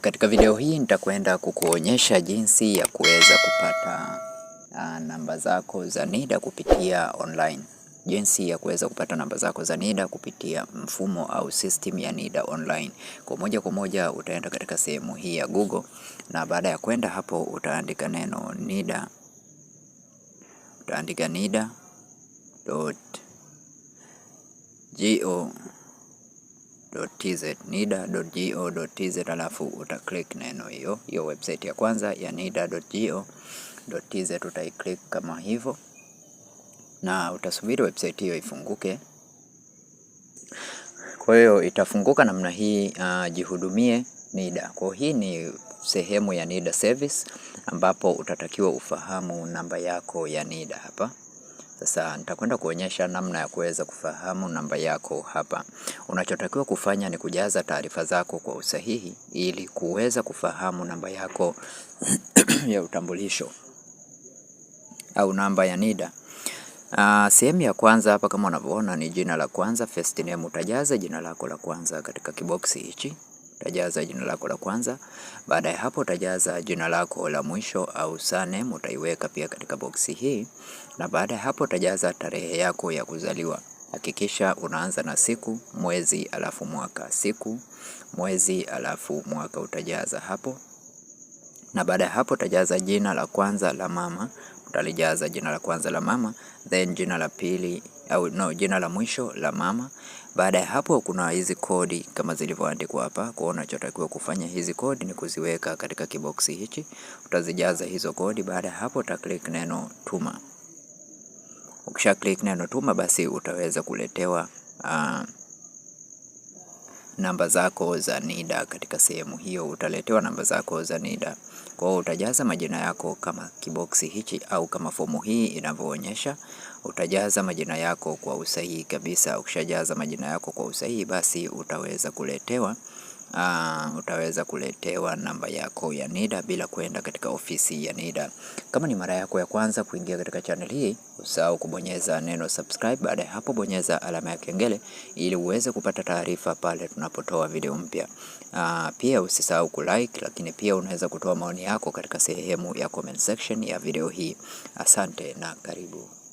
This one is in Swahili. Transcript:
katika video hii nitakwenda kukuonyesha jinsi ya kuweza kupata ah, namba zako za NIDA kupitia online. Jinsi ya kuweza kupata namba zako za NIDA kupitia mfumo au system ya NIDA online. Kwa moja kwa moja utaenda katika sehemu hii ya Google na baada ya kwenda hapo utaandika neno NIDA. Utaandika NIDA.go .tz, nida.go.tz alafu uta click neno hiyo hiyo website ya kwanza ya nida.go.tz utaiclick kama hivyo, na utasubiri website hiyo ifunguke. Kwa hiyo itafunguka namna hii. Uh, jihudumie NIDA. Kwa hii ni sehemu ya NIDA service ambapo utatakiwa ufahamu namba yako ya NIDA hapa. Sasa nitakwenda kuonyesha namna ya kuweza kufahamu namba yako hapa. Unachotakiwa kufanya ni kujaza taarifa zako kwa usahihi ili kuweza kufahamu namba yako ya utambulisho au namba ya NIDA. Uh, sehemu ya kwanza hapa kama unavyoona ni jina la kwanza first name. Utajaza jina lako la kwanza katika kiboksi hichi utajaza jina lako la kwanza. Baada ya hapo, utajaza jina lako la mwisho au surname, utaiweka pia katika boksi hii, na baada ya hapo, utajaza tarehe yako ya kuzaliwa. Hakikisha unaanza na siku, mwezi, alafu mwaka. Siku, mwezi, alafu mwaka utajaza hapo, na baada ya hapo, utajaza jina la kwanza la mama, utalijaza jina la kwanza la mama, then jina la pili au no, jina la mwisho la mama. Baada ya hapo, kuna hizi kodi kama zilivyoandikwa hapa. Kuona unachotakiwa kufanya, hizi kodi ni kuziweka katika kiboksi hichi, utazijaza hizo kodi. Baada ya hapo, uta click neno tuma. Ukisha click neno tuma, basi utaweza kuletewa uh, namba zako za NIDA katika sehemu hiyo, utaletewa namba zako za NIDA. Kwa hiyo utajaza majina yako kama kiboksi hichi au kama fomu hii inavyoonyesha, utajaza majina yako kwa usahihi kabisa. Ukishajaza majina yako kwa usahihi, basi utaweza kuletewa uh, utaweza kuletewa namba yako ya NIDA bila kwenda katika ofisi ya NIDA. Kama ni mara yako ya kwanza kuingia katika channel hii, usahau kubonyeza neno subscribe. Baada ya hapo, bonyeza alama ya kengele ili uweze kupata taarifa pale tunapotoa video mpya. Uh, pia usisahau kulike, lakini pia unaweza kutoa maoni yako katika sehemu ya comment section ya video hii. Asante na karibu.